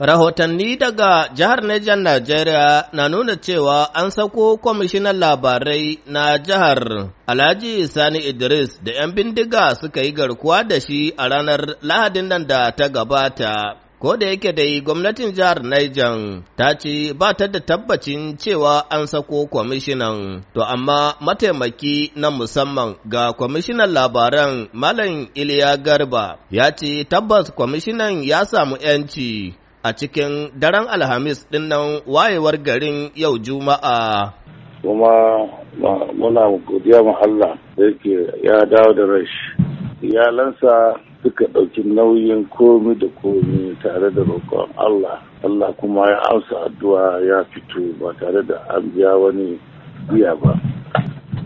Rahotanni daga jihar Nijar Najeriya na nuna cewa an sako kwamishinan labarai na jihar Alhaji Sani Idris da ‘yan bindiga suka yi garkuwa da shi a ranar Lahadin nan da ta gabata. Ko da yake dai gwamnatin jihar Niger ta ce ba ta da tabbacin cewa an sako kwamishinan, to amma mataimaki na musamman ga kwamishinan labaran Malam Iliya Garba ya ce tabbas kwamishinan ya samu ‘yanci. a cikin daren alhamis ɗinnan wayewar garin yau juma'a kuma muna godiya ma da yake ya dawo da rashi iyalansa suka ɗauki nauyin komi da komi tare da roƙon Allah Allah kuma ya amsa addu'a ya fito ba tare da an biya wani biya ba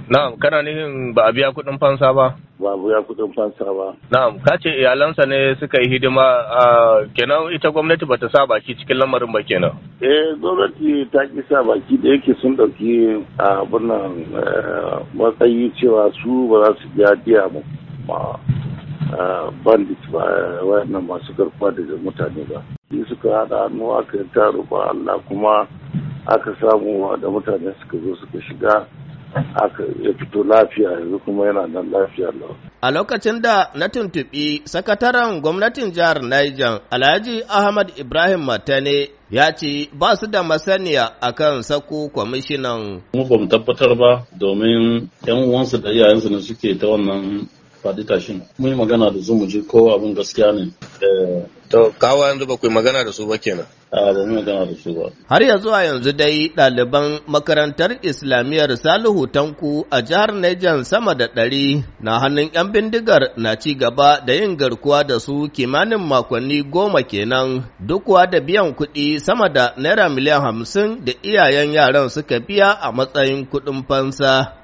Na'am, kana nihin ba a biya kuɗin fansa ba? Ba a biya kuɗin fansa ba. Na'am, ka ce iyalansa ne suka yi hidima a kenan ita gwamnati ba ta sa baki cikin lamarin ba kenan. Eh, gwamnati ta ki sa baki da yake sun ɗauki a birnin eh, matsayi cewa su ba za su biya biya Ba ma bandit ba wayannan masu garkuwa da mutane ba. Shi suka hada hannu aka yi taro ba Allah kuma aka samu da mutane suka zo suka shiga aka ya fito lafiya yanzu kuma yana nan lafiya A lokacin da na tuntuɓi sakataren gwamnatin jihar Niger Alhaji Ahmad Ibrahim Matane ya ce ba su da masaniya akan sako kwamishinan. Mu ba mu tabbatar ba domin 'yan uwansu da iyayensu ne suke ta wannan faɗi tashin mun yi magana da su ko abin gaskiya ne eh, to kawo yanzu ba ku magana da su ba Har ya zuwa yanzu dai ɗaliban makarantar Islamiyyar Salihu Tanku a jihar Nijan sama da ɗari na hannun 'yan bindigar na ci gaba da yin garkuwa da su kimanin makonni goma kenan dukwa da biyan kuɗi sama da naira miliyan hamsin da iyayen yaran suka biya a matsayin kuɗin fansa.